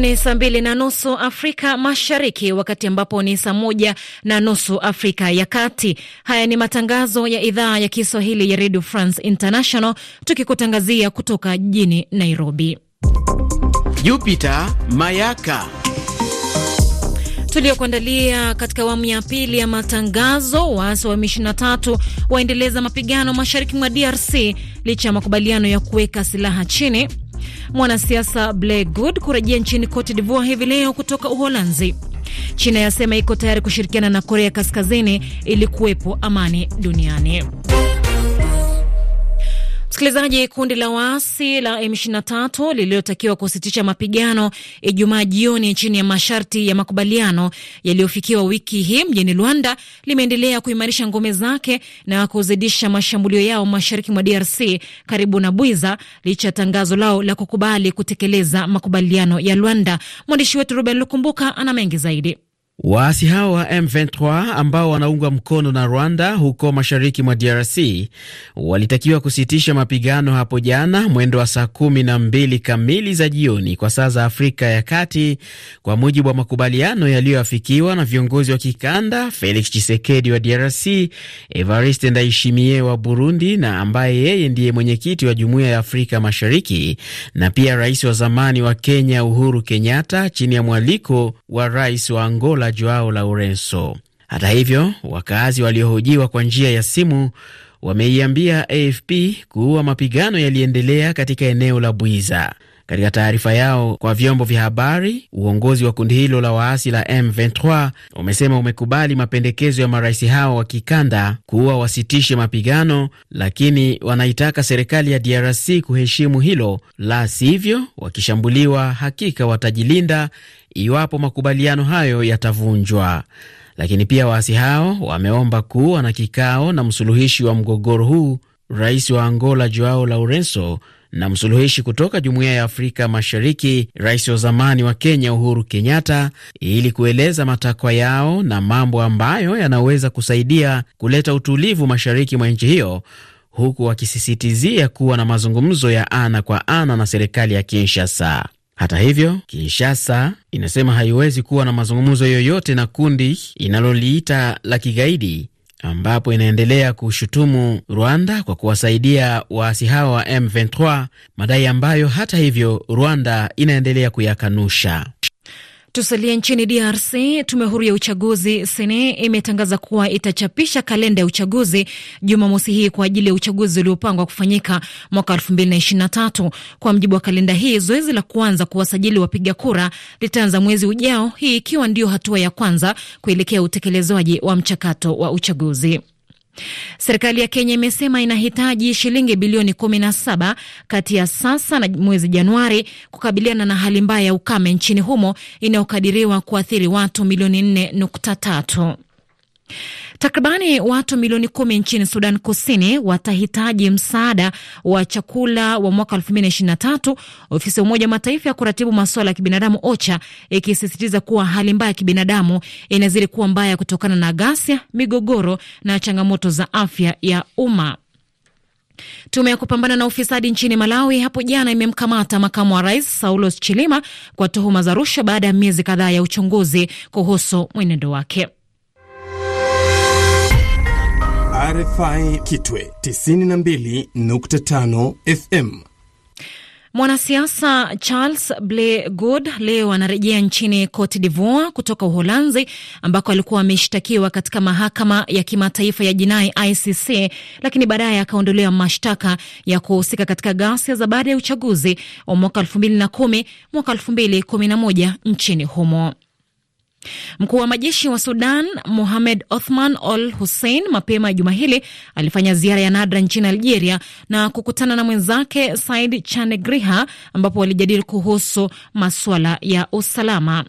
Ni saa mbili na nusu Afrika Mashariki, wakati ambapo ni saa moja na nusu Afrika ya Kati. Haya ni matangazo ya idhaa ya Kiswahili ya Radio France International, tukikutangazia kutoka jijini Nairobi. Jupiter Mayaka tuliokuandalia katika awamu ya pili ya matangazo. Waasi wa M23 waendeleza mapigano mashariki mwa DRC licha ya makubaliano ya kuweka silaha chini mwanasiasa Blair Good kurejea nchini Cote d'Ivoire hivi leo kutoka Uholanzi. China yasema iko tayari kushirikiana na Korea Kaskazini ili kuwepo amani duniani. Msikilizaji, kundi la waasi la M23 lililotakiwa kusitisha mapigano Ijumaa jioni chini ya masharti ya makubaliano yaliyofikiwa wiki hii mjini Luanda limeendelea kuimarisha ngome zake na kuzidisha mashambulio yao mashariki mwa DRC karibu na Bwiza, licha ya tangazo lao la kukubali kutekeleza makubaliano ya Luanda. Mwandishi wetu Ruben Lukumbuka ana mengi zaidi. Waasi hao wa M23 ambao wanaungwa mkono na Rwanda huko mashariki mwa DRC walitakiwa kusitisha mapigano hapo jana mwendo wa saa kumi na mbili kamili za jioni kwa saa za Afrika ya Kati, kwa mujibu wa makubaliano yaliyoafikiwa na viongozi wa kikanda Felix Tshisekedi wa DRC, Evariste Ndayishimiye wa Burundi, na ambaye yeye ndiye mwenyekiti wa Jumuiya ya Afrika Mashariki, na pia rais wa zamani wa Kenya Uhuru Kenyatta, chini ya mwaliko wa rais wa Angola Zanzibar Joao Laurenso. Hata hivyo, wakazi waliohojiwa kwa njia ya simu wameiambia AFP kuwa mapigano yaliendelea katika eneo la Bwiza. Katika taarifa yao kwa vyombo vya habari, uongozi wa kundi hilo la waasi la M23 umesema umekubali mapendekezo ya marais hao wa kikanda kuwa wasitishe mapigano, lakini wanaitaka serikali ya DRC kuheshimu hilo, la sivyo wakishambuliwa hakika watajilinda, iwapo makubaliano hayo yatavunjwa. Lakini pia waasi hao wameomba kuwa na kikao na msuluhishi wa mgogoro huu, rais wa Angola Joao Lourenco na msuluhishi kutoka Jumuiya ya Afrika Mashariki, rais wa zamani wa Kenya Uhuru Kenyatta, ili kueleza matakwa yao na mambo ambayo yanaweza kusaidia kuleta utulivu mashariki mwa nchi hiyo, huku wakisisitizia kuwa na mazungumzo ya ana kwa ana na serikali ya Kinshasa. Hata hivyo, Kinshasa inasema haiwezi kuwa na mazungumzo yoyote na kundi inaloliita la kigaidi ambapo inaendelea kushutumu Rwanda kwa kuwasaidia waasi hawa wa M23, madai ambayo hata hivyo Rwanda inaendelea kuyakanusha. Tusalie nchini DRC. Tume huru ya uchaguzi seni imetangaza kuwa itachapisha kalenda ya uchaguzi Jumamosi hii kwa ajili ya uchaguzi uliopangwa kufanyika mwaka 2023. Kwa mjibu wa kalenda hii, zoezi la kuanza kuwasajili wapiga kura litaanza mwezi ujao, hii ikiwa ndio hatua ya kwanza kuelekea utekelezaji wa mchakato wa uchaguzi. Serikali ya Kenya imesema inahitaji shilingi bilioni 17 kati ya sasa na mwezi Januari kukabiliana na hali mbaya ya ukame nchini humo inayokadiriwa kuathiri watu milioni 4.3. Takribani watu milioni kumi nchini Sudan Kusini watahitaji msaada wa chakula wa mwaka 2023 ofisi ya Umoja wa Mataifa ya kuratibu masuala ya kibinadamu OCHA ikisisitiza kuwa hali mbaya ya kibinadamu inazidi kuwa mbaya kutokana na ghasia, migogoro na changamoto za afya ya umma. Tume ya kupambana na ufisadi nchini Malawi hapo jana imemkamata makamu wa rais Saulos Chilima kwa tuhuma za rushwa baada ya miezi kadhaa ya uchunguzi kuhusu mwenendo wake. RFI Kitwe 92.5 FM. Mwanasiasa Charles Ble good leo anarejea nchini Cote d'Ivoire kutoka Uholanzi ambako alikuwa ameshtakiwa katika mahakama ya kimataifa ya jinai ICC, lakini baadaye akaondolewa mashtaka ya kuhusika katika ghasia za baada ya uchaguzi wa mwaka 2010 mwaka 2011 nchini humo. Mkuu wa majeshi wa Sudan Mohamed Othman Al Hussein mapema juma hili alifanya ziara ya nadra nchini Algeria na kukutana na mwenzake Said Chanegriha ambapo walijadili kuhusu masuala ya usalama.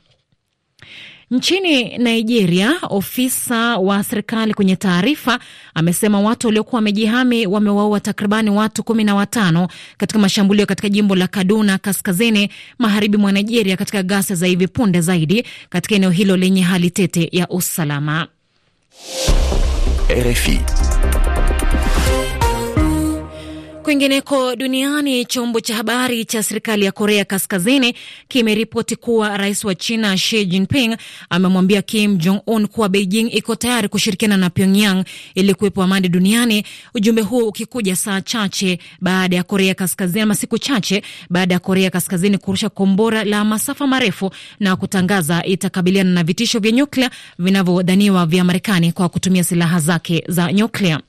Nchini Nigeria, ofisa wa serikali kwenye taarifa amesema watu waliokuwa wamejihami wamewaua takribani watu kumi na watano katika mashambulio katika jimbo la Kaduna kaskazini magharibi mwa Nigeria, katika ghasia za hivi punde zaidi katika eneo hilo lenye hali tete ya usalama. RFI. Kwingineko duniani, chombo cha habari cha serikali ya Korea Kaskazini kimeripoti kuwa rais wa China Xi Jinping amemwambia Kim Jong Un kuwa Beijing iko tayari kushirikiana na Pyongyang ili kuwepo amani duniani, ujumbe huo ukikuja saa chache baada ya Korea Kaskazini ama siku chache baada ya Korea Kaskazini kurusha kombora la masafa marefu na kutangaza itakabiliana na vitisho vya nyuklia vinavyodhaniwa vya Marekani kwa kutumia silaha zake za nyuklia.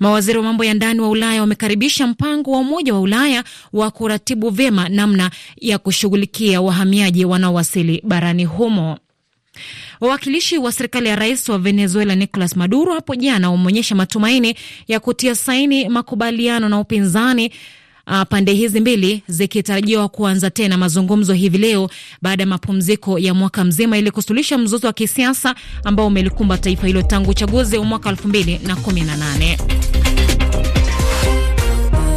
Mawaziri wa mambo ya ndani wa Ulaya wamekaribisha mpango wa Umoja wa Ulaya wa kuratibu vyema namna ya kushughulikia wahamiaji wanaowasili barani humo. Wawakilishi wa serikali ya rais wa Venezuela Nicolas Maduro hapo jana wameonyesha matumaini ya kutia saini makubaliano na upinzani Uh, pande hizi mbili zikitarajiwa kuanza tena mazungumzo hivi leo baada ya mapumziko ya mwaka mzima ili kusuluhisha mzozo wa kisiasa ambao umelikumba taifa hilo tangu uchaguzi wa mwaka 2018.